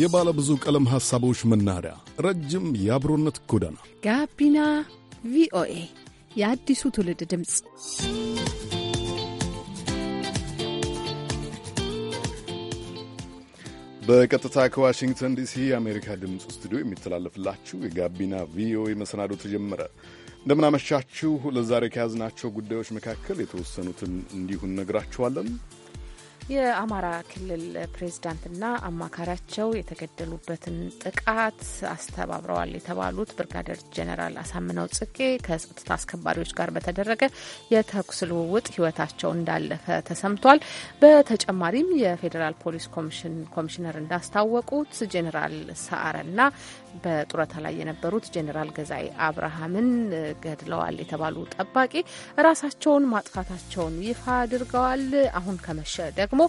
የባለ ብዙ ቀለም ሐሳቦች መናኸሪያ፣ ረጅም የአብሮነት ጎዳና፣ ጋቢና ቪኦኤ የአዲሱ ትውልድ ድምፅ። በቀጥታ ከዋሽንግተን ዲሲ የአሜሪካ ድምፅ ስቱዲዮ የሚተላለፍላችሁ የጋቢና ቪኦኤ መሰናዶ ተጀመረ። እንደምናመሻችሁ። ለዛሬ ከያዝናቸው ጉዳዮች መካከል የተወሰኑትን እንዲሁ እነግራችኋለን። የአማራ ክልል ፕሬዝዳንትና አማካሪያቸው የተገደሉበትን ጥቃት አስተባብረዋል የተባሉት ብርጋደር ጀኔራል አሳምነው ጽጌ ከጸጥታ አስከባሪዎች ጋር በተደረገ የተኩስ ልውውጥ ሕይወታቸው እንዳለፈ ተሰምቷል። በተጨማሪም የፌዴራል ፖሊስ ኮሚሽን ኮሚሽነር እንዳስታወቁት ጀኔራል ሰዓረና በጡረታ ላይ የነበሩት ጄኔራል ገዛይ አብርሃምን ገድለዋል የተባሉ ጠባቂ ራሳቸውን ማጥፋታቸውን ይፋ አድርገዋል። አሁን ከመሸ ደግሞ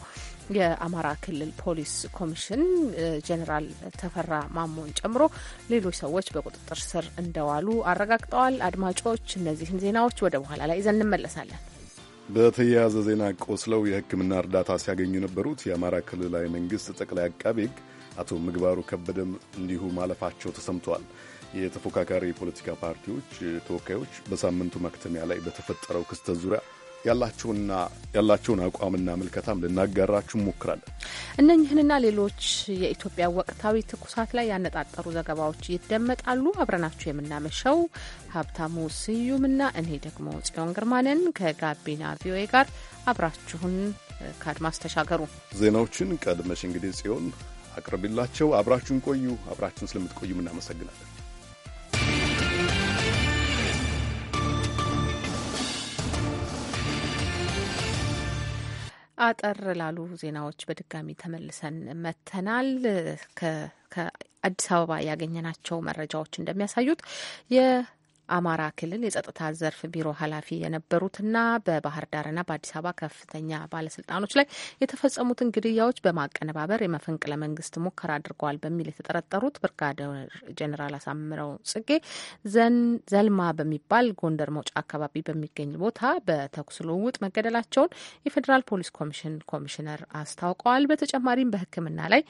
የአማራ ክልል ፖሊስ ኮሚሽን ጄኔራል ተፈራ ማሞን ጨምሮ ሌሎች ሰዎች በቁጥጥር ስር እንደዋሉ አረጋግጠዋል። አድማጮች፣ እነዚህን ዜናዎች ወደ በኋላ ላይ ይዘን እንመለሳለን። በተያያዘ ዜና ቆስለው የሕክምና እርዳታ ሲያገኙ የነበሩት የአማራ ክልላዊ መንግስት ጠቅላይ አቃቤ ሕግ አቶ ምግባሩ ከበደም እንዲሁ ማለፋቸው ተሰምተዋል። የተፎካካሪ የፖለቲካ ፓርቲዎች ተወካዮች በሳምንቱ መክተሚያ ላይ በተፈጠረው ክስተት ዙሪያ ያላቸውን አቋምና ምልከታም ልናጋራችሁ እንሞክራለን። እነኝህንና ሌሎች የኢትዮጵያ ወቅታዊ ትኩሳት ላይ ያነጣጠሩ ዘገባዎች ይደመጣሉ። አብረናችሁ የምናመሸው ሀብታሙ ስዩምና እኔ ደግሞ ጽዮን ግርማንን ከጋቢና ቪኦኤ ጋር አብራችሁን ከአድማስ ተሻገሩ። ዜናዎችን ቀድመሽ እንግዲህ ጽዮን አቅርቢላቸው። አብራችሁን ቆዩ። አብራችሁን ስለምትቆዩም እናመሰግናለን። አጠር ላሉ ዜናዎች በድጋሚ ተመልሰን መተናል። ከአዲስ አበባ ያገኘናቸው መረጃዎች እንደሚያሳዩት አማራ ክልል የጸጥታ ዘርፍ ቢሮ ኃላፊ የነበሩትና በባህር ዳርና በአዲስ አበባ ከፍተኛ ባለስልጣኖች ላይ የተፈጸሙትን ግድያዎች በማቀነባበር የመፈንቅለ መንግስት ሙከራ አድርገዋል በሚል የተጠረጠሩት ብርጋዴር ጀኔራል አሳምረው ጽጌ ዘልማ በሚባል ጎንደር መውጫ አካባቢ በሚገኝ ቦታ በተኩስ ልውውጥ መገደላቸውን የፌዴራል ፖሊስ ኮሚሽን ኮሚሽነር አስታውቀዋል። በተጨማሪም በሕክምና ላይ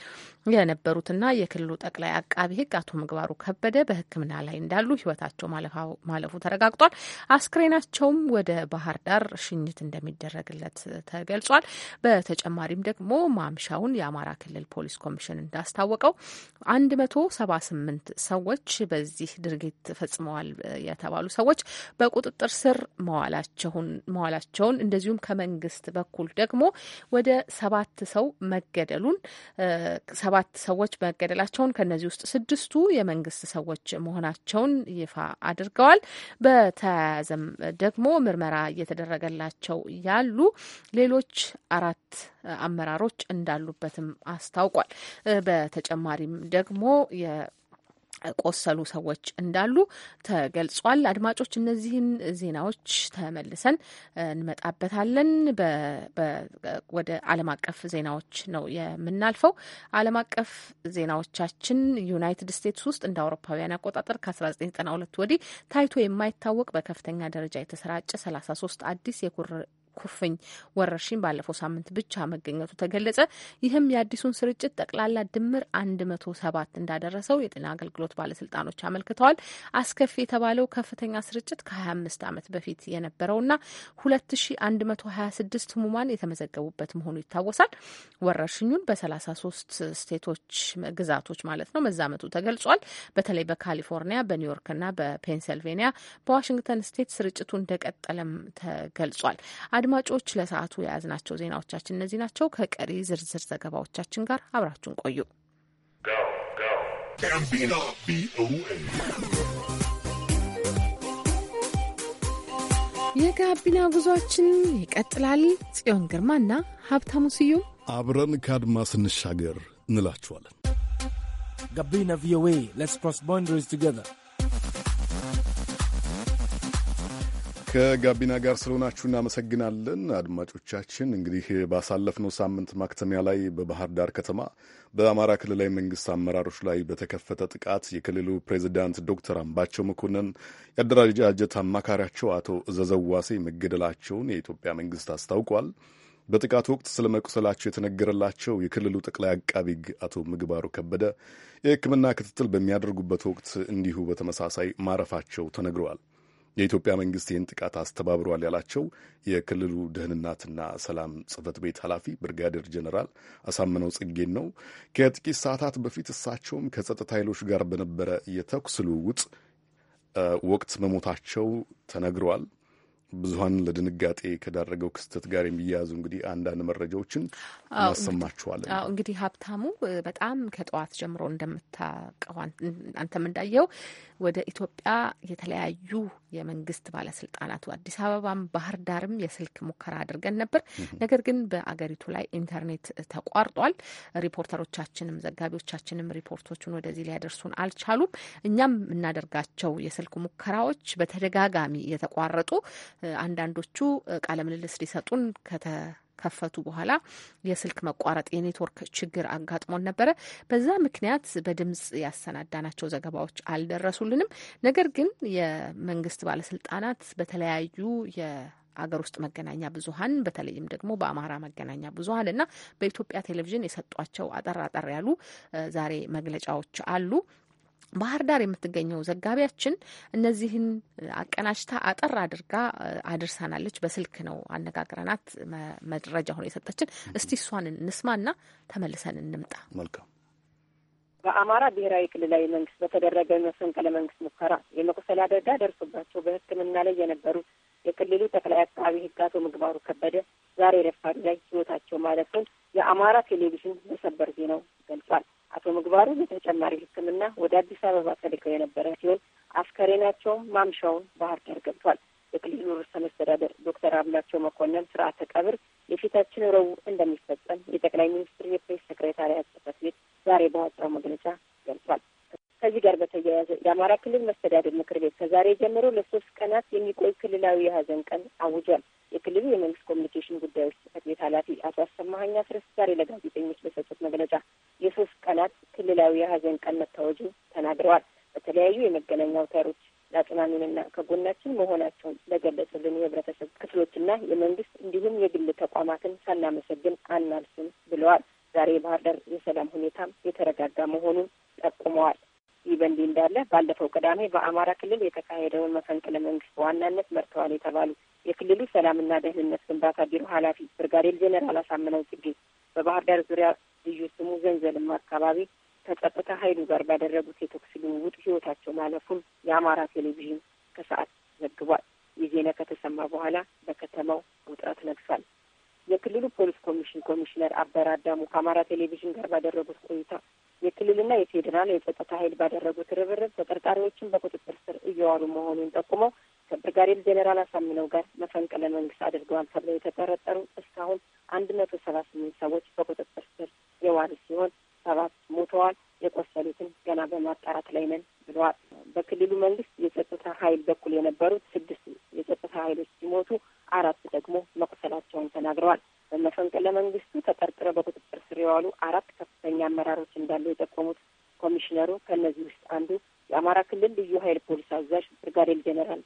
የነበሩትና የክልሉ ጠቅላይ አቃቢ ሕግ አቶ ምግባሩ ከበደ በሕክምና ላይ እንዳሉ ህይወታቸው ማለፋ ሕይወታቸው ማለፉ ተረጋግጧል። አስክሬናቸውም ወደ ባህር ዳር ሽኝት እንደሚደረግለት ተገልጿል። በተጨማሪም ደግሞ ማምሻውን የአማራ ክልል ፖሊስ ኮሚሽን እንዳስታወቀው አንድ መቶ ሰባ ስምንት ሰዎች በዚህ ድርጊት ፈጽመዋል የተባሉ ሰዎች በቁጥጥር ስር መዋላቸውን እንደዚሁም ከመንግስት በኩል ደግሞ ወደ ሰባት ሰው መገደሉን ሰባት ሰዎች መገደላቸውን ከነዚህ ውስጥ ስድስቱ የመንግስት ሰዎች መሆናቸውን ይፋ አድርገ አድርገዋል። በተያያዘም ደግሞ ምርመራ እየተደረገላቸው ያሉ ሌሎች አራት አመራሮች እንዳሉበትም አስታውቋል። በተጨማሪም ደግሞ ቆሰሉ ሰዎች እንዳሉ ተገልጿል። አድማጮች እነዚህን ዜናዎች ተመልሰን እንመጣበታለን። ወደ ዓለም አቀፍ ዜናዎች ነው የምናልፈው። ዓለም አቀፍ ዜናዎቻችን ዩናይትድ ስቴትስ ውስጥ እንደ አውሮፓውያን አቆጣጠር ከ1992 ወዲህ ታይቶ የማይታወቅ በከፍተኛ ደረጃ የተሰራጨ 33 አዲስ ኩፍኝ ወረርሽኝ ባለፈው ሳምንት ብቻ መገኘቱ ተገለጸ። ይህም የአዲሱን ስርጭት ጠቅላላ ድምር አንድ መቶ ሰባት እንዳደረሰው የጤና አገልግሎት ባለስልጣኖች አመልክተዋል። አስከፊ የተባለው ከፍተኛ ስርጭት ከ አምስት ዓመት በፊት የነበረውና ሁለት ሺ አንድ መቶ ሀያ ስድስት ህሙማን የተመዘገቡበት መሆኑ ይታወሳል። ወረርሽኙን በሰላሳ ሶስት ስቴቶች ግዛቶች ማለት ነው መዛመቱ ተገልጿል። በተለይ በካሊፎርኒያ፣ በኒውዮርክና በፔንሰልቬኒያ በዋሽንግተን ስቴት ስርጭቱ እንደቀጠለም ተገልጿል። አድማጮች ለሰዓቱ የያዝናቸው ዜናዎቻችን እነዚህ ናቸው። ከቀሪ ዝርዝር ዘገባዎቻችን ጋር አብራችሁን ቆዩ። የጋቢና ጉዟችን ይቀጥላል። ጽዮን ግርማና ሀብታሙ ስዩም አብረን ከአድማ ስንሻገር እንላችኋለን። ጋቢና ቪኦኤ ሌትስ ክሮስ ባውንደሪስ ቱጌዘር ከጋቢና ጋር ስለሆናችሁ እናመሰግናለን አድማጮቻችን። እንግዲህ ባሳለፍነው ሳምንት ማክተሚያ ላይ በባህር ዳር ከተማ በአማራ ክልላዊ መንግስት አመራሮች ላይ በተከፈተ ጥቃት የክልሉ ፕሬዚዳንት ዶክተር አምባቸው መኮንን የአደረጃጀት አማካሪያቸው አቶ ዘዘዋሴ መገደላቸውን የኢትዮጵያ መንግስት አስታውቋል። በጥቃቱ ወቅት ስለ መቁሰላቸው የተነገረላቸው የክልሉ ጠቅላይ አቃቢ ሕግ አቶ ምግባሩ ከበደ የሕክምና ክትትል በሚያደርጉበት ወቅት እንዲሁ በተመሳሳይ ማረፋቸው ተነግረዋል። የኢትዮጵያ መንግስት ይህን ጥቃት አስተባብሯል ያላቸው የክልሉ ደህንነትና ሰላም ጽህፈት ቤት ኃላፊ ብርጋዴር ጀኔራል አሳምነው ጽጌን ነው። ከጥቂት ሰዓታት በፊት እሳቸውም ከጸጥታ ኃይሎች ጋር በነበረ የተኩስ ልውውጥ ወቅት መሞታቸው ተነግረዋል። ብዙሀን ለድንጋጤ ከዳረገው ክስተት ጋር የሚያያዙ እንግዲህ አንዳንድ መረጃዎችን እናሰማችኋለን። አዎ እንግዲህ ሀብታሙ በጣም ከጠዋት ጀምሮ እንደምታውቀው አንተም እንዳየው ወደ ኢትዮጵያ የተለያዩ የመንግስት ባለስልጣናቱ አዲስ አበባም ባህር ዳርም የስልክ ሙከራ አድርገን ነበር። ነገር ግን በአገሪቱ ላይ ኢንተርኔት ተቋርጧል። ሪፖርተሮቻችንም ዘጋቢዎቻችንም ሪፖርቶቹን ወደዚህ ሊያደርሱን አልቻሉም። እኛም የምናደርጋቸው የስልክ ሙከራዎች በተደጋጋሚ የተቋረጡ አንዳንዶቹ ቃለምልልስ ሊሰጡን ከተከፈቱ በኋላ የስልክ መቋረጥ የኔትወርክ ችግር አጋጥሞን ነበረ። በዛ ምክንያት በድምጽ ያሰናዳናቸው ዘገባዎች አልደረሱልንም። ነገር ግን የመንግስት ባለስልጣናት በተለያዩ አገር ውስጥ መገናኛ ብዙሀን በተለይም ደግሞ በአማራ መገናኛ ብዙሀን እና በኢትዮጵያ ቴሌቪዥን የሰጧቸው አጠር አጠር ያሉ ዛሬ መግለጫዎች አሉ። ባህር ዳር የምትገኘው ዘጋቢያችን እነዚህን አቀናጅታ አጠር አድርጋ አድርሳናለች። በስልክ ነው አነጋግረናት መረጃ ሆኖ የሰጠችን። እስቲ እሷን እንስማና ተመልሰን እንምጣ። መልካም። በአማራ ብሔራዊ ክልላዊ መንግስት በተደረገ መፈንቅለ መንግስት ሙከራ የመቁሰል አደጋ ደርሶባቸው በሕክምና ላይ የነበሩት የክልሉ ጠቅላይ አቃቢ ሕግ አቶ ምግባሩ ከበደ ዛሬ ረፋድ ላይ ህይወታቸው ማለፉን የአማራ ቴሌቪዥን መሰበር ዜናው ገልጿል። አቶ ምግባሩ በተጨማሪ ሕክምና ወደ አዲስ አበባ ተልከው የነበረ ሲሆን አስከሬናቸውም ማምሻውን ባህር ዳር ገብቷል። የክልሉ ርዕሰ መስተዳደር ዶክተር አብላቸው መኮንን ስርዓተ ቀብር የፊታችን ረቡዕ እንደሚፈጸም የጠቅላይ ሚኒስትር የፕሬስ ሰክሬታሪያት ጽሕፈት ቤት ዛሬ ባወጣው መግለጫ ገልጿል። ከዚህ ጋር በተያያዘ የአማራ ክልል መስተዳደር ምክር ቤት ከዛሬ ጀምሮ ለሶስት ቀናት የሚቆይ ክልላዊ የሀዘን ቀን አውጇል። የክልሉ የመንግስት ኮሚኒኬሽን ጉዳዮች ጽህፈት ቤት ኃላፊ አቶ አሰማሀኛ ስረስ ዛሬ ለጋዜጠኞች በሰጡት መግለጫ የሶስት ቀናት ክልላዊ የሀዘን ቀን መታወጁ ተናግረዋል። በተለያዩ የመገናኛ አውታሮች ለአጽናኑንና ከጎናችን መሆናቸውን ለገለጹልን የህብረተሰብ ክፍሎችና የመንግስት እንዲሁም የግል ተቋማትን ሳናመሰግን አናልፍም ብለዋል። ዛሬ የባህር ዳር የሰላም ሁኔታም የተረጋጋ መሆኑን ጠቁመዋል። ይህ በእንዲህ እንዳለ ባለፈው ቅዳሜ በአማራ ክልል የተካሄደውን መፈንቅለ መንግስት በዋናነት መርተዋል የተባሉ የክልሉ ሰላምና ደህንነት ግንባታ ቢሮ ኃላፊ ብርጋዴር ጄኔራል አሳምነው ጽጌ በባህር ዳር ዙሪያ ልዩ ስሙ ዘንዘልማ አካባቢ ከጸጥታ ኃይሉ ጋር ባደረጉት የተኩስ ልውውጥ ህይወታቸው ማለፉን የአማራ ቴሌቪዥን ከሰዓት ዘግቧል። ይህ ዜና ከተሰማ በኋላ በከተማው ውጥረት ነግሷል። የክልሉ ፖሊስ ኮሚሽን ኮሚሽነር አበራ አዳሙ ከአማራ ቴሌቪዥን ጋር ባደረጉት ቆይታ የክልልና የፌዴራል የጸጥታ ኃይል ባደረጉት ርብርብ ተጠርጣሪዎችን በቁጥጥር ስር እየዋሉ መሆኑን ጠቁመው ከብርጋዴር ጄኔራል አሳምነው ጋር መፈንቅለ መንግስት አድርገዋል ተብለው የተጠረጠሩ እስካሁን አንድ መቶ ሰባ ስምንት ሰዎች በቁጥጥር ስር የዋሉ ሲሆን ሰባት ሞተዋል። የቆሰሉትን ገና በማጣራት ላይ ነን ብለዋል። በክልሉ መንግስት የጸጥታ ኃይል በኩል የነበሩት ስድስት የጸጥታ ኃይሎች ሲሞቱ አራት ደግሞ መቁሰላቸውን ተናግረዋል። በመፈንቅለ መንግስቱ ተጠርጥረው በቁጥጥር ስር የዋሉ አራት ከፍተኛ አመራሮች እንዳሉ የጠቆሙት ኮሚሽነሩ ከእነዚህ ውስጥ አንዱ የአማራ ክልል ልዩ ኃይል ፖሊስ አዛዥ ብርጋዴር ጄኔራል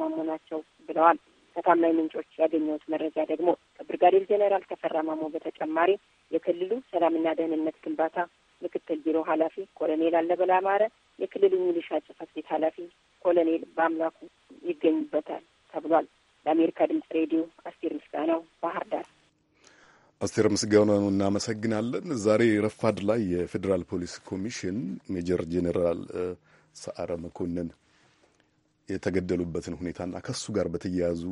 ማሞ ናቸው ብለዋል። ከታማኝ ምንጮች ያገኘሁት መረጃ ደግሞ ከብርጋዴር ጄኔራል ተፈራ ማሞ በተጨማሪ የክልሉ ሰላምና ደህንነት ግንባታ ምክትል ቢሮ ኃላፊ ኮሎኔል አለበላ አማረ፣ የክልሉ ሚሊሻ ጽህፈት ቤት ኃላፊ ኮሎኔል በአምላኩ ይገኙበታል ተብሏል። ለአሜሪካ ድምጽ ሬዲዮ አስቴር ምስጋናው ባህር ዳር። አስቴር ምስጋናው እናመሰግናለን። ዛሬ ረፋድ ላይ የፌዴራል ፖሊስ ኮሚሽን ሜጀር ጄኔራል ሰአረ መኮንን የተገደሉበትን ሁኔታና ከሱ ጋር በተያያዙ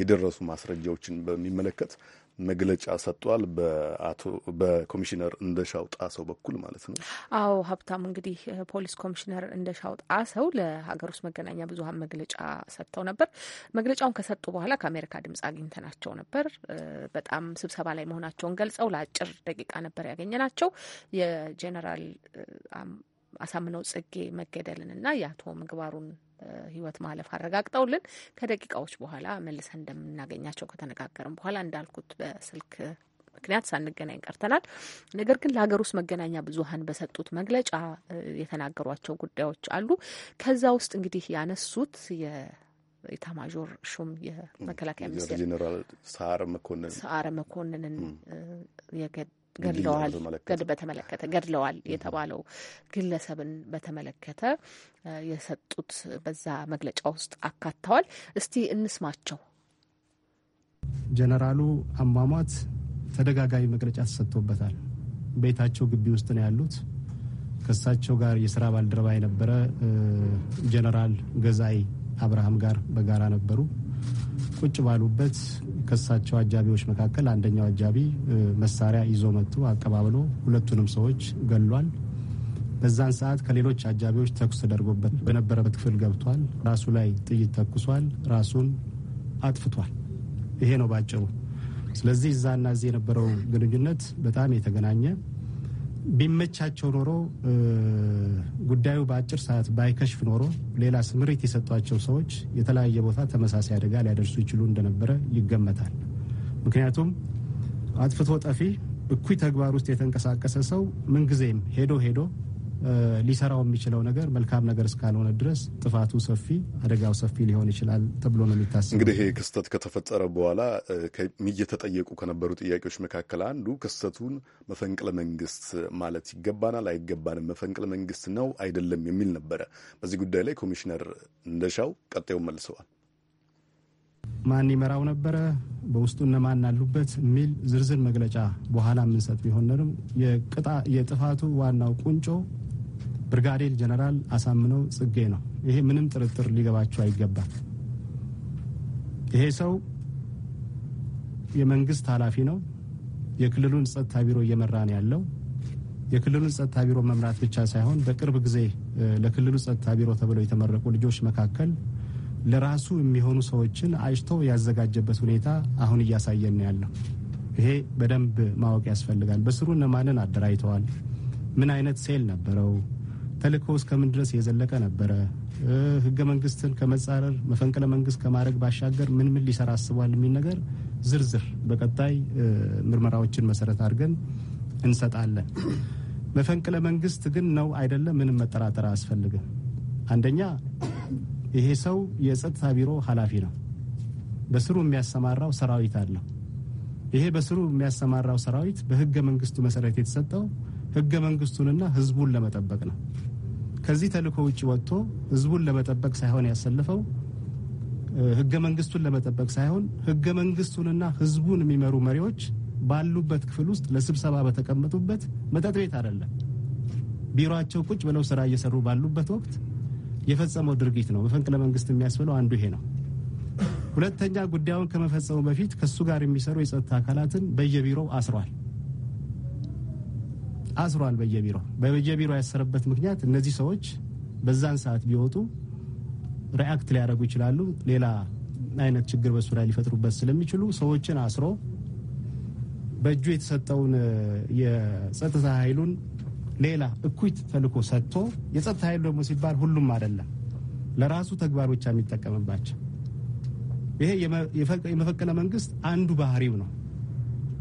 የደረሱ ማስረጃዎችን በሚመለከት መግለጫ ሰጥቷል። በአቶ በኮሚሽነር እንደሻው ጣሰው በኩል ማለት ነው። አዎ ሀብታም፣ እንግዲህ ፖሊስ ኮሚሽነር እንደሻው ጣሰው ለሀገር ውስጥ መገናኛ ብዙኃን መግለጫ ሰጥተው ነበር። መግለጫውን ከሰጡ በኋላ ከአሜሪካ ድምጽ አግኝተናቸው ነበር። በጣም ስብሰባ ላይ መሆናቸውን ገልጸው ለአጭር ደቂቃ ነበር ያገኘናቸው የጄኔራል አሳምነው ጽጌ መገደልንና የአቶ ምግባሩን ህይወት ማለፍ አረጋግጠውልን ከደቂቃዎች በኋላ መልሰን እንደምናገኛቸው ከተነጋገርን በኋላ እንዳልኩት በስልክ ምክንያት ሳንገናኝ ቀርተናል። ነገር ግን ለሀገር ውስጥ መገናኛ ብዙኃን በሰጡት መግለጫ የተናገሯቸው ጉዳዮች አሉ። ከዛ ውስጥ እንግዲህ ያነሱት የኢታማዦር ሹም የመከላከያ ሚኒስትር ጀኔራል ሰዓረ መኮንን ሰዓረ መኮንንን ገድለዋል በተመለከተ ገድለዋል የተባለው ግለሰብን በተመለከተ የሰጡት በዛ መግለጫ ውስጥ አካተዋል። እስቲ እንስማቸው። ጀነራሉ አሟሟት ተደጋጋሚ መግለጫ ተሰጥቶበታል። ቤታቸው ግቢ ውስጥ ነው ያሉት። ከእሳቸው ጋር የስራ ባልደረባ የነበረ ጀነራል ገዛይ አብርሃም ጋር በጋራ ነበሩ። ቁጭ ባሉበት ከሳቸው አጃቢዎች መካከል አንደኛው አጃቢ መሳሪያ ይዞ መጥቶ አቀባብሎ ሁለቱንም ሰዎች ገሏል። በዛን ሰዓት ከሌሎች አጃቢዎች ተኩስ ተደርጎበት በነበረበት ክፍል ገብቷል። ራሱ ላይ ጥይት ተኩሷል። ራሱን አጥፍቷል። ይሄ ነው ባጭሩ። ስለዚህ እዛና እዚህ የነበረው ግንኙነት በጣም የተገናኘ ቢመቻቸው ኖሮ ጉዳዩ በአጭር ሰዓት ባይከሽፍ ኖሮ ሌላ ስምሪት የሰጧቸው ሰዎች የተለያየ ቦታ ተመሳሳይ አደጋ ሊያደርሱ ይችሉ እንደነበረ ይገመታል። ምክንያቱም አጥፍቶ ጠፊ እኩይ ተግባር ውስጥ የተንቀሳቀሰ ሰው ምንጊዜም ሄዶ ሄዶ ሊሰራው የሚችለው ነገር መልካም ነገር እስካልሆነ ድረስ ጥፋቱ ሰፊ፣ አደጋው ሰፊ ሊሆን ይችላል ተብሎ ነው የሚታሰበው። እንግዲህ ክስተት ከተፈጠረ በኋላ እየተጠየቁ ከነበሩ ጥያቄዎች መካከል አንዱ ክስተቱን መፈንቅለ መንግስት ማለት ይገባናል አይገባንም፣ መፈንቅለ መንግስት ነው አይደለም የሚል ነበረ። በዚህ ጉዳይ ላይ ኮሚሽነር እንደሻው ቀጣዩን መልሰዋል። ማን ይመራው ነበረ፣ በውስጡ እነማን አሉበት የሚል ዝርዝር መግለጫ በኋላ የምንሰጥ ቢሆንም የጥፋቱ ዋናው ቁንጮ ብርጋዴር ጀነራል አሳምነው ጽጌ ነው። ይሄ ምንም ጥርጥር ሊገባቸው አይገባም። ይሄ ሰው የመንግስት ኃላፊ ነው። የክልሉን ጸጥታ ቢሮ እየመራ ነው ያለው። የክልሉን ጸጥታ ቢሮ መምራት ብቻ ሳይሆን በቅርብ ጊዜ ለክልሉ ጸጥታ ቢሮ ተብለው የተመረቁ ልጆች መካከል ለራሱ የሚሆኑ ሰዎችን አጭቶ ያዘጋጀበት ሁኔታ አሁን እያሳየን ነው ያለው። ይሄ በደንብ ማወቅ ያስፈልጋል። በስሩ እነማንን አደራጅተዋል? ምን አይነት ሴል ነበረው? ተልእኮ እስከምን ድረስ የዘለቀ ነበረ? ህገ መንግስትን ከመጻረር መፈንቅለ መንግስት ከማድረግ ባሻገር ምን ምን ሊሰራ አስቧል የሚል ነገር ዝርዝር በቀጣይ ምርመራዎችን መሰረት አድርገን እንሰጣለን። መፈንቅለ መንግስት ግን ነው አይደለም፣ ምንም መጠራጠር አያስፈልግም። አንደኛ ይሄ ሰው የጸጥታ ቢሮ ኃላፊ ነው። በስሩ የሚያሰማራው ሰራዊት አለው። ይሄ በስሩ የሚያሰማራው ሰራዊት በህገ መንግስቱ መሰረት የተሰጠው ህገ መንግስቱንና ህዝቡን ለመጠበቅ ነው። ከዚህ ተልእኮ ውጭ ወጥቶ ህዝቡን ለመጠበቅ ሳይሆን ያሰልፈው ህገ መንግስቱን ለመጠበቅ ሳይሆን ህገ መንግስቱንና ህዝቡን የሚመሩ መሪዎች ባሉበት ክፍል ውስጥ ለስብሰባ በተቀመጡበት መጠጥ ቤት አይደለም፣ ቢሮቸው ቁጭ ብለው ስራ እየሰሩ ባሉበት ወቅት የፈጸመው ድርጊት ነው። መፈንቅለ መንግስት የሚያስብለው አንዱ ይሄ ነው። ሁለተኛ ጉዳዩን ከመፈጸሙ በፊት ከእሱ ጋር የሚሰሩ የጸጥታ አካላትን በየቢሮው አስሯል። አስሯል። በየቢሮ በየቢሮ ያሰረበት ምክንያት እነዚህ ሰዎች በዛን ሰዓት ቢወጡ ሪአክት ሊያደርጉ ይችላሉ። ሌላ አይነት ችግር በሱ ላይ ሊፈጥሩበት ስለሚችሉ ሰዎችን አስሮ በእጁ የተሰጠውን የጸጥታ ኃይሉን ሌላ እኩይት ተልኮ ሰጥቶ የጸጥታ ኃይሉ ደግሞ ሲባል ሁሉም አይደለም፣ ለራሱ ተግባር ብቻ የሚጠቀምባቸው ይሄ የመፈቀለ መንግስት አንዱ ባህሪው ነው።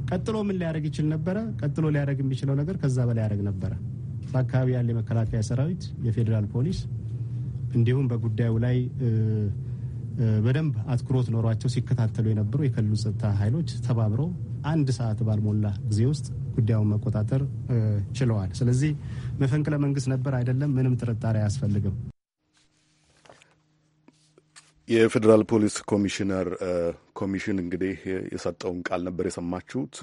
ቀጥሎ ምን ሊያደረግ ይችል ነበረ? ቀጥሎ ሊያደረግ የሚችለው ነገር ከዛ በላይ ያደረግ ነበረ። በአካባቢ ያለ የመከላከያ ሰራዊት፣ የፌዴራል ፖሊስ እንዲሁም በጉዳዩ ላይ በደንብ አትኩሮት ኖሯቸው ሲከታተሉ የነበሩ የክልሉ ጸጥታ ኃይሎች ተባብረው አንድ ሰዓት ባልሞላ ጊዜ ውስጥ ጉዳዩን መቆጣጠር ችለዋል። ስለዚህ መፈንቅለ መንግስት ነበር አይደለም፣ ምንም ጥርጣሬ አያስፈልግም። የፌዴራል ፖሊስ ኮሚሽነር ኮሚሽን እንግዲህ የሰጠውን ቃል ነበር የሰማችሁት።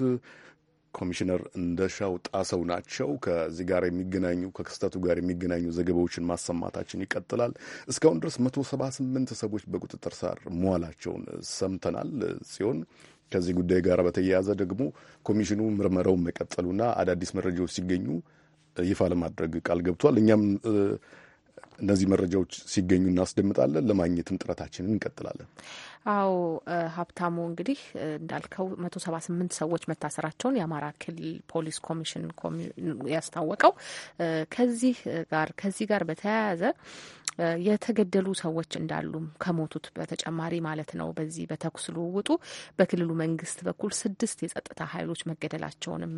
ኮሚሽነር እንደሻው ጣሰው ናቸው። ከዚህ ጋር የሚገናኙ ከክስተቱ ጋር የሚገናኙ ዘገባዎችን ማሰማታችን ይቀጥላል። እስካሁን ድረስ መቶ ሰባ ስምንት ሰዎች በቁጥጥር ስር መዋላቸውን ሰምተናል ሲሆን ከዚህ ጉዳይ ጋር በተያያዘ ደግሞ ኮሚሽኑ ምርመራውን መቀጠሉና አዳዲስ መረጃዎች ሲገኙ ይፋ ለማድረግ ቃል ገብቷል። እኛም እነዚህ መረጃዎች ሲገኙ እናስደምጣለን። ለማግኘትም ጥረታችንን እንቀጥላለን። አዎ ሀብታሙ፣ እንግዲህ እንዳልከው መቶ ሰባ ስምንት ሰዎች መታሰራቸውን የአማራ ክልል ፖሊስ ኮሚሽን ያስታወቀው ከዚህ ጋር ከዚህ ጋር በተያያዘ የተገደሉ ሰዎች እንዳሉም ከሞቱት በተጨማሪ ማለት ነው። በዚህ በተኩስ ልውውጡ በክልሉ መንግስት በኩል ስድስት የጸጥታ ኃይሎች መገደላቸውንም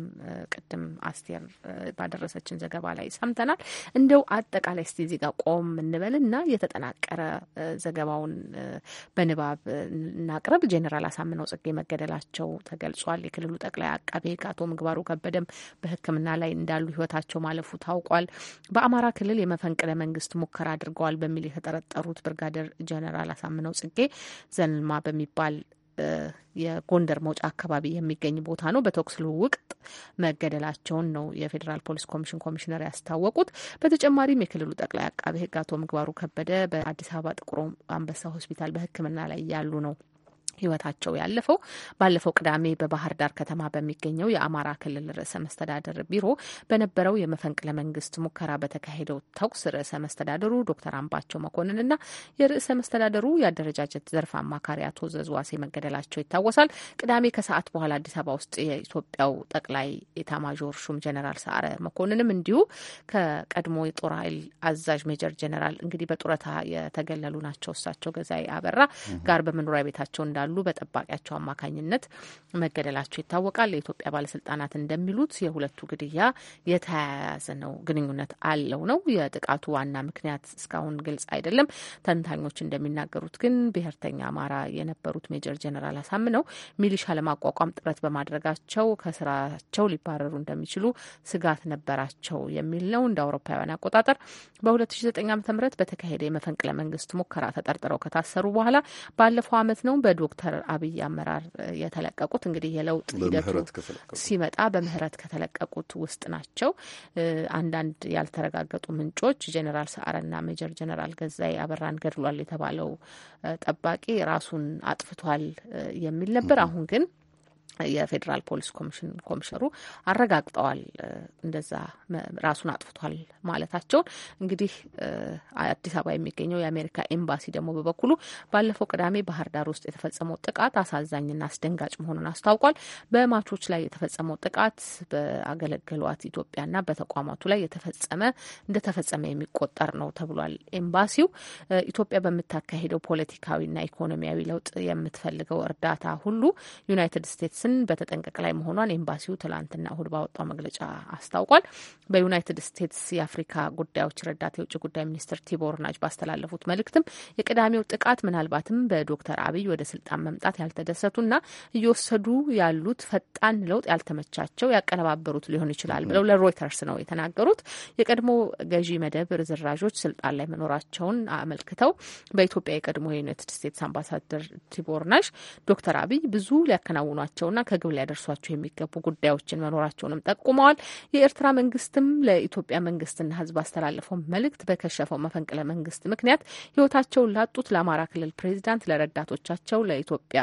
ቅድም አስቴር ባደረሰችን ዘገባ ላይ ሰምተናል። እንደው አጠቃላይ እስቲ እዚህ ጋር ቆም እንበልና የተጠናቀረ ዘገባውን በንባብ እናቅርብ። ጄኔራል አሳምነው ጽጌ መገደላቸው ተገልጿል። የክልሉ ጠቅላይ አቃቤ ሕግ አቶ ምግባሩ ከበደም በሕክምና ላይ እንዳሉ ህይወታቸው ማለፉ ታውቋል። በአማራ ክልል የመፈንቅለ መንግስት ሙከራ አድርገዋል ተገድለዋል በሚል የተጠረጠሩት ብርጋደር ጀነራል አሳምነው ጽጌ ዘንልማ በሚባል የጎንደር መውጫ አካባቢ የሚገኝ ቦታ ነው። በተኩስ ልውውጥ መገደላቸውን ነው የፌዴራል ፖሊስ ኮሚሽን ኮሚሽነር ያስታወቁት። በተጨማሪም የክልሉ ጠቅላይ አቃቤ ሕግ አቶ ምግባሩ ከበደ በአዲስ አበባ ጥቁር አንበሳ ሆስፒታል በሕክምና ላይ ያሉ ነው ህይወታቸው ያለፈው ባለፈው ቅዳሜ በባህር ዳር ከተማ በሚገኘው የአማራ ክልል ርዕሰ መስተዳደር ቢሮ በነበረው የመፈንቅለ መንግስት ሙከራ በተካሄደው ተኩስ ርዕሰ መስተዳደሩ ዶክተር አምባቸው መኮንንና የርዕሰ መስተዳደሩ የአደረጃጀት ዘርፍ አማካሪ አቶ ዘዝዋሴ መገደላቸው ይታወሳል። ቅዳሜ ከሰዓት በኋላ አዲስ አበባ ውስጥ የኢትዮጵያው ጠቅላይ ኤታማዦር ሹም ጀነራል ሰዓረ መኮንንም እንዲሁ ከቀድሞ የጦር ኃይል አዛዥ ሜጀር ጀነራል እንግዲህ በጡረታ የተገለሉ ናቸው እሳቸው ገዛኢ አበራ ጋር በመኖሪያ ቤታቸው እንዳ እንዳሉ በጠባቂያቸው አማካኝነት መገደላቸው ይታወቃል። የኢትዮጵያ ባለስልጣናት እንደሚሉት የሁለቱ ግድያ የተያያዘ ነው፣ ግንኙነት አለው ነው። የጥቃቱ ዋና ምክንያት እስካሁን ግልጽ አይደለም። ተንታኞች እንደሚናገሩት ግን ብሔርተኛ አማራ የነበሩት ሜጀር ጀነራል አሳምነው ሚሊሻ ለማቋቋም ጥረት በማድረጋቸው ከስራቸው ሊባረሩ እንደሚችሉ ስጋት ነበራቸው የሚል ነው። እንደ አውሮፓውያን አቆጣጠር በ2009 ዓ ም በተካሄደ የመፈንቅለ መንግስት ሙከራ ተጠርጥረው ከታሰሩ በኋላ ባለፈው አመት ነው በዶ ዶክተር አብይ አመራር የተለቀቁት እንግዲህ የለውጥ ሂደቱ ሲመጣ በምህረት ከተለቀቁት ውስጥ ናቸው። አንዳንድ ያልተረጋገጡ ምንጮች ጀኔራል ሰዓረና ሜጀር ጀኔራል ገዛይ አበራን ገድሏል የተባለው ጠባቂ ራሱን አጥፍቷል የሚል ነበር። አሁን ግን የፌዴራል ፖሊስ ኮሚሽን ኮሚሽነሩ አረጋግጠዋል። እንደዛ ራሱን አጥፍቷል ማለታቸውን እንግዲህ አዲስ አበባ የሚገኘው የአሜሪካ ኤምባሲ ደግሞ በበኩሉ ባለፈው ቅዳሜ ባህር ዳር ውስጥ የተፈጸመው ጥቃት አሳዛኝና አስደንጋጭ መሆኑን አስታውቋል። በማቾች ላይ የተፈጸመው ጥቃት በአገለገሏት ኢትዮጵያና በተቋማቱ ላይ የተፈጸመ እንደተፈጸመ የሚቆጠር ነው ተብሏል። ኤምባሲው ኢትዮጵያ በምታካሄደው ፖለቲካዊና ኢኮኖሚያዊ ለውጥ የምትፈልገው እርዳታ ሁሉ ዩናይትድ ስቴትስን ግን በተጠንቀቅ ላይ መሆኗን ኤምባሲው ትላንትና እሁድ ባወጣው መግለጫ አስታውቋል። በዩናይትድ ስቴትስ የአፍሪካ ጉዳዮች ረዳት የውጭ ጉዳይ ሚኒስትር ቲቦር ናጅ ባስተላለፉት መልእክትም የቅዳሜው ጥቃት ምናልባትም በዶክተር አብይ ወደ ስልጣን መምጣት ያልተደሰቱና እየወሰዱ ያሉት ፈጣን ለውጥ ያልተመቻቸው ያቀነባበሩት ሊሆን ይችላል ብለው ለሮይተርስ ነው የተናገሩት። የቀድሞ ገዢ መደብ ርዝራዦች ስልጣን ላይ መኖራቸውን አመልክተው በኢትዮጵያ የቀድሞ የዩናይትድ ስቴትስ አምባሳደር ቲቦር ናሽ ዶክተር አብይ ብዙ ሊያከናውኗቸው ያላቸውና ከግብ ሊያደርሷቸው የሚገቡ ጉዳዮችን መኖራቸውንም ጠቁመዋል። የኤርትራ መንግስትም ለኢትዮጵያ መንግስትና ህዝብ አስተላለፈው መልእክት በከሸፈው መፈንቅለ መንግስት ምክንያት ህይወታቸውን ላጡት ለአማራ ክልል ፕሬዚዳንት፣ ለረዳቶቻቸው፣ ለኢትዮጵያ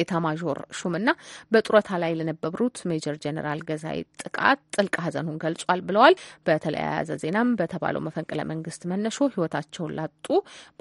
ኤታማዦር ሹምና በጡረታ ላይ ለነበሩት ሜጀር ጀነራል ገዛይ ጥቃት ጥልቅ ሀዘኑን ገልጿል ብለዋል። በተለያያዘ ዜናም በተባለው መፈንቅለ መንግስት መነሾ ህይወታቸውን ላጡ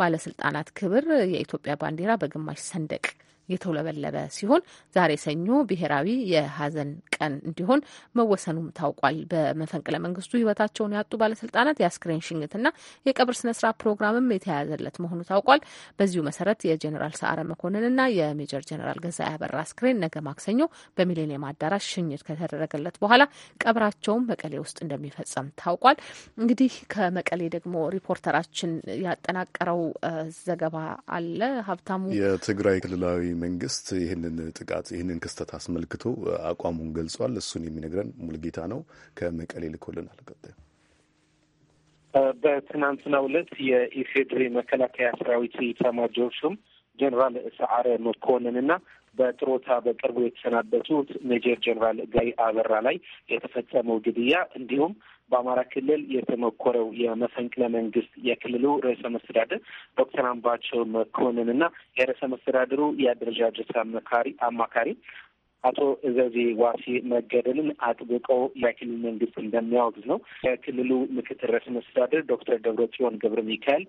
ባለስልጣናት ክብር የኢትዮጵያ ባንዲራ በግማሽ ሰንደቅ የተውለበለበ ሲሆን ዛሬ ሰኞ ብሔራዊ የሀዘን ቀን እንዲሆን መወሰኑም ታውቋል። በመፈንቅለ መንግስቱ ህይወታቸውን ያጡ ባለስልጣናት የአስክሬን ሽኝትና የቀብር ስነስርዓት ፕሮግራምም የተያያዘለት መሆኑ ታውቋል። በዚሁ መሰረት የጀኔራል ሰዓረ መኮንንና የሜጀር ጀኔራል ገዛ ያበራ አስክሬን ነገ ማክሰኞ በሚሌኒየም አዳራሽ ሽኝት ከተደረገለት በኋላ ቀብራቸውም መቀሌ ውስጥ እንደሚፈጸም ታውቋል። እንግዲህ ከመቀሌ ደግሞ ሪፖርተራችን ያጠናቀረው ዘገባ አለ ሀብታሙ የትግራይ ክልላዊ መንግስት ይህንን ጥቃት ይህንን ክስተት አስመልክቶ አቋሙን ገልጿል። እሱን የሚነግረን ሙልጌታ ነው ከመቀሌ ልኮልናል። ቀጣዩ በትናንትና ዕለት የኢፌዴሪ መከላከያ ሰራዊት ኢታማዦር ሹም ጀኔራል ሰዓረ መኮንንና በጥሮታ በቅርቡ የተሰናበቱት ሜጀር ጀኔራል ጋይ አበራ ላይ የተፈጸመው ግድያ እንዲሁም በአማራ ክልል የተሞከረው የመፈንቅለ መንግስት የክልሉ ርዕሰ መስተዳደር ዶክተር አምባቸው መኮንንና የርዕሰ መስተዳድሩ የአደረጃጀት አማካሪ አማካሪ አቶ እዘዜ ዋሴ መገደልን አጥብቀው የክልል መንግስት እንደሚያወግዝ ነው። የክልሉ ምክትል ርዕሰ መስተዳድር ዶክተር ደብረ ጽዮን ገብረ ሚካኤል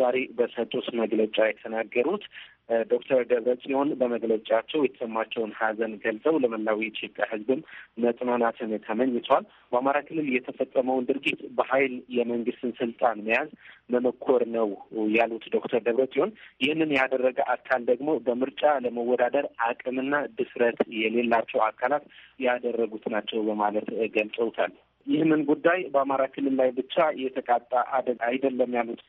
ዛሬ በሰጡት መግለጫ የተናገሩት ዶክተር ደብረጽዮን በመግለጫቸው የተሰማቸውን ሀዘን ገልጸው ለመላው የኢትዮጵያ ሕዝብም መጽናናትን ተመኝቷል። በአማራ ክልል የተፈጸመውን ድርጊት በኃይል የመንግስትን ስልጣን መያዝ መመኮር ነው ያሉት ዶክተር ደብረጽዮን ይህንን ያደረገ አካል ደግሞ በምርጫ ለመወዳደር አቅምና ድፍረት የሌላቸው አካላት ያደረጉት ናቸው በማለት ገልጸውታል። ይህንን ጉዳይ በአማራ ክልል ላይ ብቻ የተቃጣ አይደለም ያሉት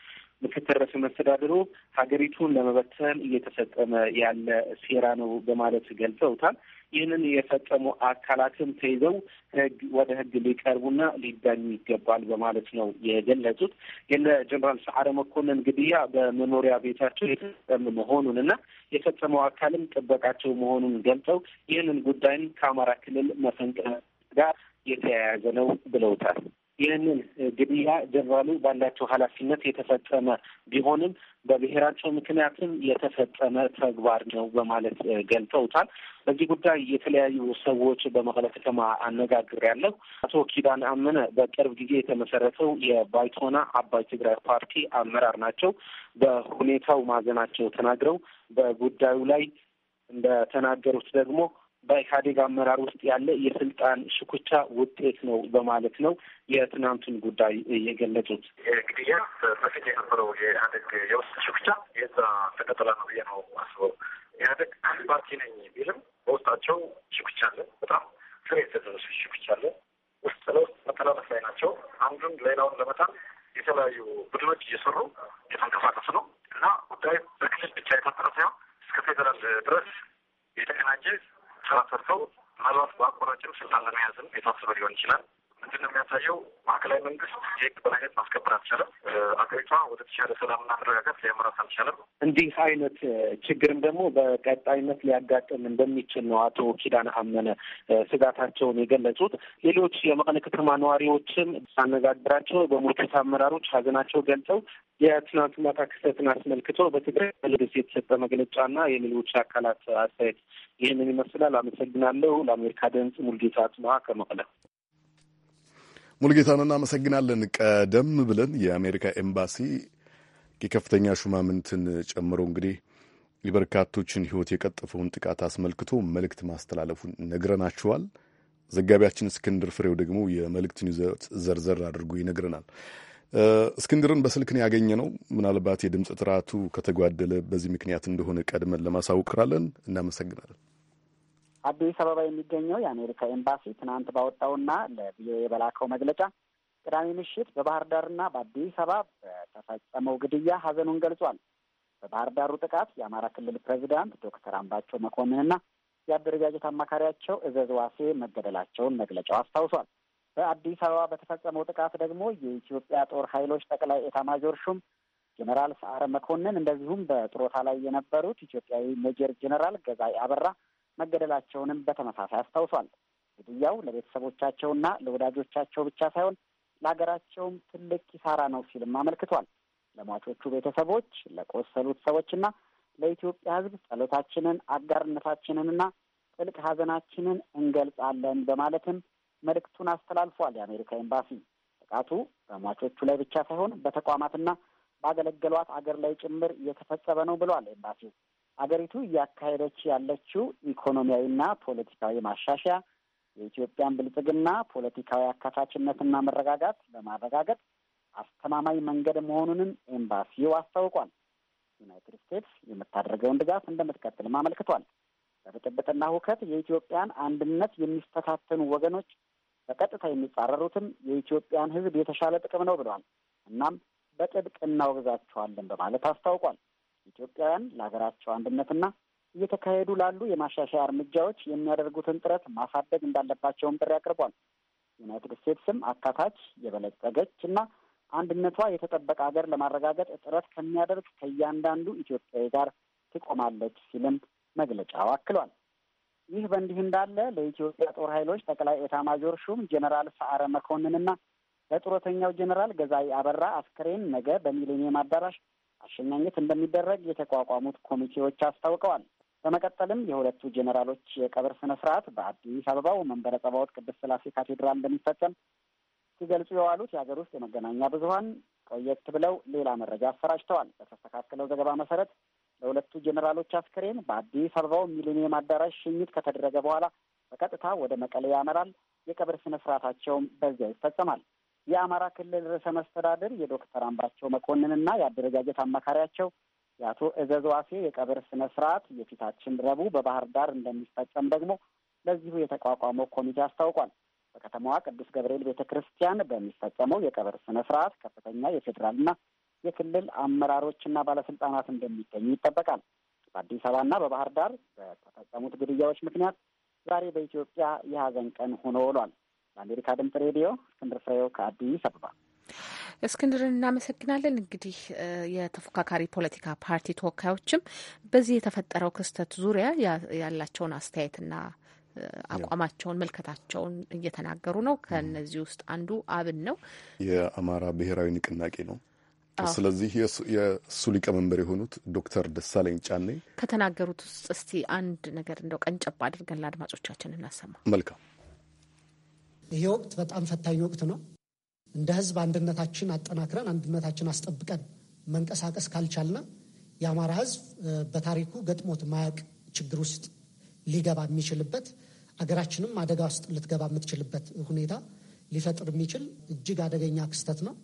ምክትል ርዕሰ መስተዳድሩ ሀገሪቱን ለመበተን እየተፈጸመ ያለ ሴራ ነው በማለት ገልጸውታል። ይህንን የፈጸሙ አካላትም ተይዘው ህግ ወደ ህግ ሊቀርቡና ሊዳኙ ይገባል በማለት ነው የገለጹት። የነ ጀኔራል ሰዓረ መኮንን ግድያ በመኖሪያ ቤታቸው የተፈጸመ መሆኑን እና የፈጸመው አካልም ጥበቃቸው መሆኑን ገልጸው ይህንን ጉዳይን ከአማራ ክልል መፈንቅለ ጋር የተያያዘ ነው ብለውታል። ይህንን ግድያ ጀኔራሉ ባላቸው ኃላፊነት የተፈጸመ ቢሆንም በብሔራቸው ምክንያትም የተፈጸመ ተግባር ነው በማለት ገልጸውታል። በዚህ ጉዳይ የተለያዩ ሰዎች በመቀለ ከተማ አነጋግሬያለሁ። አቶ ኪዳን አመነ በቅርብ ጊዜ የተመሰረተው የባይቶና አባይ ትግራይ ፓርቲ አመራር ናቸው። በሁኔታው ማዘናቸው ተናግረው በጉዳዩ ላይ እንደተናገሩት ደግሞ በኢህአዴግ አመራር ውስጥ ያለ የስልጣን ሽኩቻ ውጤት ነው በማለት ነው የትናንቱን ጉዳይ የገለጹት። ግድያ በፊት የነበረው የኢህአዴግ የውስጥ ሽኩቻ የዛ ተቀጠላ ነው ብዬ ነው አስበው። ኢህአዴግ ፓርቲ ነኝ ቢልም በውስጣቸው ሽኩቻ አለ። በጣም ስር የተደረሱ ሽኩቻ አለ። ውስጥ ለውስጥ መተላለፍ ላይ ናቸው። አንዱን ሌላውን ለመጣል የተለያዩ ቡድኖች እየሰሩ የተንቀሳቀሱ ነው እና ጉዳይ በክልል ብቻ የታጠረ ሳይሆን እስከ ፌዴራል ድረስ የተቀናጀ ስራ ሰርተው ምናልባት በአቋራጭም ስልጣን ለመያዝም የታሰበ ሊሆን ይችላል። ምንድን ነው የሚያሳየው? ማዕከላዊ መንግስት የህግ በላይነት ማስከበር አልቻለም። አገሪቷ ወደ ተሻለ ሰላምና መረጋጋት ሊያመራት አልቻለም። እንዲህ አይነት ችግርም ደግሞ በቀጣይነት ሊያጋጥም እንደሚችል ነው አቶ ኪዳን አመነ ስጋታቸውን የገለጹት። ሌሎች የመቀለ ከተማ ነዋሪዎችም ሳነጋግራቸው በሞቹት አመራሮች ሀዘናቸው ገልጸው የትናንት ማታ ክስተትን አስመልክቶ በትግራይ ክልል የተሰጠ መግለጫና የሌሎች አካላት አስተያየት ይህንን ይመስላል። አመሰግናለሁ። ለአሜሪካ ድምፅ ሙልጌታ አጽብሃ ከመቀለ ሙልጌታን እናመሰግናለን። ቀደም ብለን የአሜሪካ ኤምባሲ የከፍተኛ ሹማምንትን ጨምሮ እንግዲህ የበርካቶችን ሕይወት የቀጠፈውን ጥቃት አስመልክቶ መልእክት ማስተላለፉን ነግረናችኋል። ዘጋቢያችን እስክንድር ፍሬው ደግሞ የመልእክትን ይዘት ዘርዘር አድርጎ ይነግረናል። እስክንድርን በስልክን ያገኘ ነው። ምናልባት የድምፅ ጥራቱ ከተጓደለ በዚህ ምክንያት እንደሆነ ቀድመን ለማሳወቅ ራለን። እናመሰግናለን። አዲስ አበባ የሚገኘው የአሜሪካ ኤምባሲ ትናንት ባወጣውና ለቪኦኤ በላከው መግለጫ ቅዳሜ ምሽት በባህር ዳርና በአዲስ አበባ በተፈጸመው ግድያ ሀዘኑን ገልጿል። በባህር ዳሩ ጥቃት የአማራ ክልል ፕሬዚዳንት ዶክተር አምባቸው መኮንንና የአደረጃጀት አማካሪያቸው እዘዝ ዋሴ መገደላቸውን መግለጫው አስታውሷል። በአዲስ አበባ በተፈጸመው ጥቃት ደግሞ የኢትዮጵያ ጦር ኃይሎች ጠቅላይ ኤታማዦር ሹም ጄኔራል ሰዓረ መኮንን እንደዚሁም በጥሮታ ላይ የነበሩት ኢትዮጵያዊ ሜጀር ጀኔራል ገዛይ አበራ መገደላቸውንም በተመሳሳይ አስታውሷል። ግድያው ለቤተሰቦቻቸውና ለወዳጆቻቸው ብቻ ሳይሆን ለሀገራቸውም ትልቅ ኪሳራ ነው ሲልም አመልክቷል። ለሟቾቹ ቤተሰቦች፣ ለቆሰሉት ሰዎችና ለኢትዮጵያ ሕዝብ ጸሎታችንን አጋርነታችንንና ጥልቅ ሀዘናችንን እንገልጻለን በማለትም መልእክቱን አስተላልፏል። የአሜሪካ ኤምባሲ ጥቃቱ በሟቾቹ ላይ ብቻ ሳይሆን በተቋማትና ባገለገሏት አገር ላይ ጭምር እየተፈጸመ ነው ብሏል ኤምባሲው። አገሪቱ እያካሄደች ያለችው ኢኮኖሚያዊና ፖለቲካዊ ማሻሻያ የኢትዮጵያን ብልጽግና ፖለቲካዊ አካታችነትና መረጋጋት ለማረጋገጥ አስተማማኝ መንገድ መሆኑንም ኤምባሲው አስታውቋል። ዩናይትድ ስቴትስ የምታደርገውን ድጋፍ እንደምትቀጥልም አመልክቷል። በብጥብጥና ሁከት የኢትዮጵያን አንድነት የሚፈታተኑ ወገኖች በቀጥታ የሚጻረሩትም የኢትዮጵያን ሕዝብ የተሻለ ጥቅም ነው ብለዋል። እናም በጥብቅ እናወግዛቸዋለን በማለት አስታውቋል። ኢትዮጵያውያን ለሀገራቸው አንድነትና እየተካሄዱ ላሉ የማሻሻያ እርምጃዎች የሚያደርጉትን ጥረት ማሳደግ እንዳለባቸውም ጥሪ አቅርቧል። ዩናይትድ ስቴትስም አካታች የበለጸገች እና አንድነቷ የተጠበቀ ሀገር ለማረጋገጥ ጥረት ከሚያደርግ ከእያንዳንዱ ኢትዮጵያዊ ጋር ትቆማለች ሲልም መግለጫው አክሏል። ይህ በእንዲህ እንዳለ ለኢትዮጵያ ጦር ኃይሎች ጠቅላይ ኤታማጆር ሹም ጄኔራል ሰዓረ መኮንንና ለጡረተኛው ጄኔራል ገዛይ አበራ አስከሬን ነገ በሚሌኒየም አዳራሽ አሸኛኘት እንደሚደረግ የተቋቋሙት ኮሚቴዎች አስታውቀዋል። በመቀጠልም የሁለቱ ጄኔራሎች የቀብር ስነ ስርዓት በአዲስ አበባው መንበረ ጸባዖት ቅድስት ስላሴ ካቴድራል እንደሚፈጸም ሲገልጹ የዋሉት የሀገር ውስጥ የመገናኛ ብዙኃን ቆየት ብለው ሌላ መረጃ አሰራጭተዋል። በተስተካከለው ዘገባ መሰረት ለሁለቱ ጄኔራሎች አስክሬን በአዲስ አበባው ሚሊኒየም አዳራሽ ሽኝት ከተደረገ በኋላ በቀጥታ ወደ መቀሌ ያመራል። የቀብር ስነ ስርዓታቸውም በዚያ ይፈጸማል። የአማራ ክልል ርዕሰ መስተዳድር የዶክተር አምባቸው መኮንንና የአደረጃጀት አማካሪያቸው የአቶ እዘዝ ዋሴ የቀብር ስነ ስርዓት የፊታችን ረቡዕ በባህር ዳር እንደሚፈጸም ደግሞ ለዚሁ የተቋቋመው ኮሚቴ አስታውቋል። በከተማዋ ቅዱስ ገብርኤል ቤተ ክርስቲያን በሚፈጸመው የቀብር ስነ ስርዓት ከፍተኛ የፌዴራልና የክልል አመራሮችና ባለስልጣናት እንደሚገኙ ይጠበቃል። በአዲስ አበባና በባህር ዳር በተፈጸሙት ግድያዎች ምክንያት ዛሬ በኢትዮጵያ የሀዘን ቀን ሆኖ ውሏል። ለአሜሪካ ድምጽ ሬዲዮ እስክንድር ፍሬው ከአዲስ አበባ። እስክንድርን እናመሰግናለን። እንግዲህ የተፎካካሪ ፖለቲካ ፓርቲ ተወካዮችም በዚህ የተፈጠረው ክስተት ዙሪያ ያላቸውን አስተያየትና አቋማቸውን መልከታቸውን እየተናገሩ ነው። ከነዚህ ውስጥ አንዱ አብን ነው፣ የአማራ ብሔራዊ ንቅናቄ ነው። ስለዚህ የእሱ ሊቀመንበር የሆኑት ዶክተር ደሳለኝ ጫኔ ከተናገሩት ውስጥ እስቲ አንድ ነገር እንደው ቀንጨባ አድርገን ለአድማጮቻችን እናሰማ። መልካም ይሄ ወቅት በጣም ፈታኝ ወቅት ነው። እንደ ህዝብ አንድነታችን አጠናክረን አንድነታችን አስጠብቀን መንቀሳቀስ ካልቻልና የአማራ ህዝብ በታሪኩ ገጥሞት ማያቅ ችግር ውስጥ ሊገባ የሚችልበት አገራችንም አደጋ ውስጥ ልትገባ የምትችልበት ሁኔታ ሊፈጥር የሚችል እጅግ አደገኛ ክስተት ነው።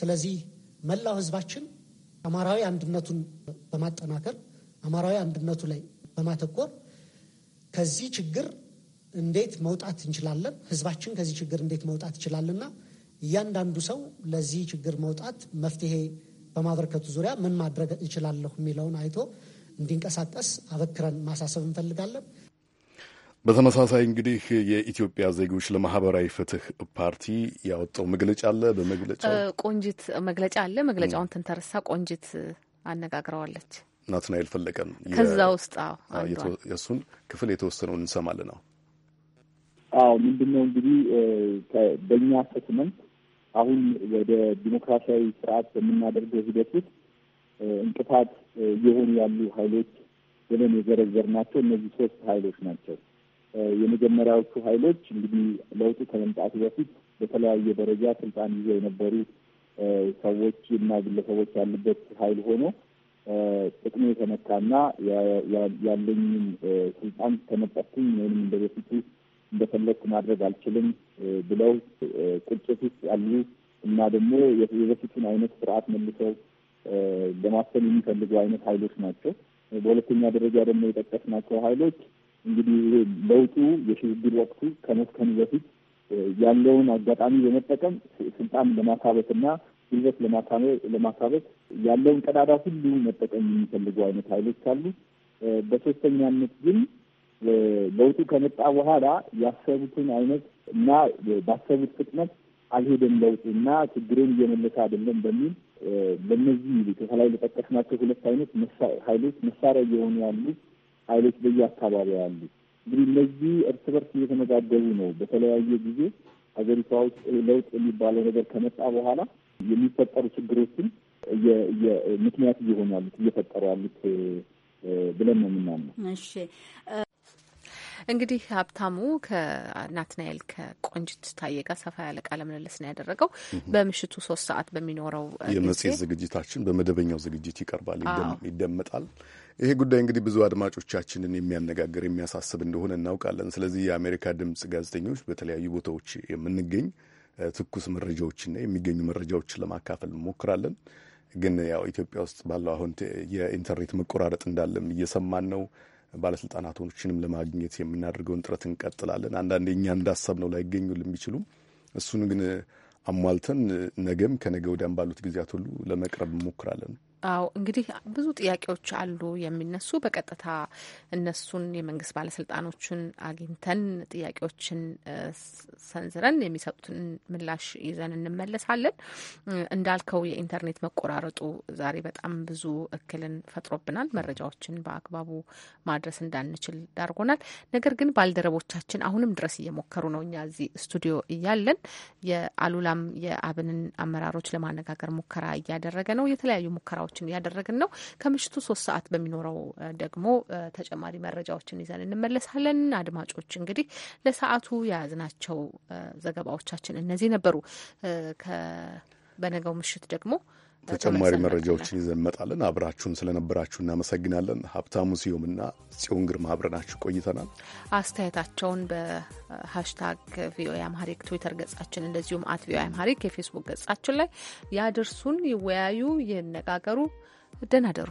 ስለዚህ መላው ህዝባችን አማራዊ አንድነቱን በማጠናከር አማራዊ አንድነቱ ላይ በማተኮር ከዚህ ችግር እንዴት መውጣት እንችላለን፣ ህዝባችን ከዚህ ችግር እንዴት መውጣት ይችላልና እያንዳንዱ ሰው ለዚህ ችግር መውጣት መፍትሄ በማበረከቱ ዙሪያ ምን ማድረግ እችላለሁ የሚለውን አይቶ እንዲንቀሳቀስ አበክረን ማሳሰብ እንፈልጋለን። በተመሳሳይ እንግዲህ የኢትዮጵያ ዜጎች ለማህበራዊ ፍትህ ፓርቲ ያወጣው መግለጫ አለ። በመግለጫ ቆንጅት መግለጫ አለ። መግለጫውን ትንተርሳ ቆንጅት አነጋግረዋለች። ናትናኤል ፈለቀን ከዛ ውስጥ እሱን ክፍል የተወሰነውን እንሰማለን ነው አዎ ምንድን ነው እንግዲህ በእኛ አሰስመንት አሁን ወደ ዲሞክራሲያዊ ስርዓት በምናደርገው ሂደት ውስጥ እንቅፋት የሆኑ ያሉ ኃይሎች ብለን የዘረዘር ናቸው እነዚህ ሶስት ኃይሎች ናቸው። የመጀመሪያዎቹ ኃይሎች እንግዲህ ለውጡ ከመምጣቱ በፊት በተለያየ ደረጃ ስልጣን ይዘው የነበሩ ሰዎች እና ግለሰቦች ያሉበት ኃይል ሆኖ ጥቅሙ የተነካና ያለኝን ስልጣን ተመጠኩኝ ወይም በፊቱ እንደፈለግኩ ማድረግ አልችልም ብለው ቁጭት ውስጥ ያሉ እና ደግሞ የበፊቱን አይነት ስርዓት መልሰው ለማሰል የሚፈልጉ አይነት ሀይሎች ናቸው። በሁለተኛ ደረጃ ደግሞ የጠቀስናቸው ሀይሎች እንግዲህ ለውጡ የሽግግር ወቅቱ ከመስከኑ በፊት ያለውን አጋጣሚ በመጠቀም ስልጣን ለማሳበት እና ጉልበት ለማሳበት ያለውን ቀዳዳ ሁሉ መጠቀም የሚፈልጉ አይነት ሀይሎች አሉ። በሶስተኛነት ግን ለውጡ ከመጣ በኋላ ያሰቡትን አይነት እና ባሰቡት ፍጥነት አልሄደም ለውጡ እና ችግሩን እየመለሰ አይደለም በሚል ለእነዚህ ከላይ ለጠቀስናቸው ሁለት አይነት ኃይሎች መሳሪያ እየሆኑ ያሉ ኃይሎች በየአካባቢ ያሉ እንግዲህ እነዚህ እርስ በርስ እየተመጋገቡ ነው። በተለያየ ጊዜ ሀገሪቷ ውስጥ ለውጥ የሚባለው ነገር ከመጣ በኋላ የሚፈጠሩ ችግሮችን ምክንያት እየሆኑ ያሉት እየፈጠሩ ያሉት ብለን ነው የምናምነው። እሺ እንግዲህ ሀብታሙ ከናትናኤል ከቆንጅት ታዬ ጋር ሰፋ ያለ ቃለ ምልልስ ነው ያደረገው። በምሽቱ ሶስት ሰዓት በሚኖረው የመጽሔት ዝግጅታችን በመደበኛው ዝግጅት ይቀርባል፣ ይደመጣል። ይሄ ጉዳይ እንግዲህ ብዙ አድማጮቻችንን የሚያነጋግር የሚያሳስብ እንደሆነ እናውቃለን። ስለዚህ የአሜሪካ ድምጽ ጋዜጠኞች በተለያዩ ቦታዎች የምንገኝ ትኩስ መረጃዎችና የሚገኙ መረጃዎችን ለማካፈል እንሞክራለን። ግን ያው ኢትዮጵያ ውስጥ ባለው አሁን የኢንተርኔት መቆራረጥ እንዳለም እየሰማን ነው። ባለስልጣናቶችንም ለማግኘት የምናደርገውን ጥረት እንቀጥላለን። አንዳንዴ እኛ እንዳሰብነው ላይገኙ ቢችሉም እሱን ግን አሟልተን ነገም ከነገ ወዲያም ባሉት ጊዜያት ሁሉ ለመቅረብ እንሞክራለን። አዎ እንግዲህ ብዙ ጥያቄዎች አሉ የሚነሱ በቀጥታ እነሱን የመንግስት ባለስልጣኖችን አግኝተን ጥያቄዎችን ሰንዝረን የሚሰጡትን ምላሽ ይዘን እንመለሳለን። እንዳልከው የኢንተርኔት መቆራረጡ ዛሬ በጣም ብዙ እክልን ፈጥሮብናል። መረጃዎችን በአግባቡ ማድረስ እንዳንችል ዳርጎናል። ነገር ግን ባልደረቦቻችን አሁንም ድረስ እየሞከሩ ነው። እኛ እዚህ ስቱዲዮ እያለን የአሉላም የአብንን አመራሮች ለማነጋገር ሙከራ እያደረገ ነው። የተለያዩ ሙከራዎች ዘገባዎችን እያደረግን ነው። ከምሽቱ ሶስት ሰዓት በሚኖረው ደግሞ ተጨማሪ መረጃዎችን ይዘን እንመለሳለን። አድማጮች እንግዲህ ለሰዓቱ የያዝናቸው ዘገባዎቻችን እነዚህ ነበሩ። በነገው ምሽት ደግሞ ተጨማሪ መረጃዎችን ይዘን እንመጣለን። አብራችሁን ስለነበራችሁ እናመሰግናለን። ሀብታሙ ስዩምና ጽዮን ግርማ አብረናችሁ ቆይተናል። አስተያየታቸውን በሀሽታግ ቪኦኤ አምሃሪክ ትዊተር ገጻችን፣ እንደዚሁም አት ቪኦኤ አምሃሪክ የፌስቡክ ገጻችን ላይ ያድርሱን። ይወያዩ፣ ይነጋገሩ። ደናደሩ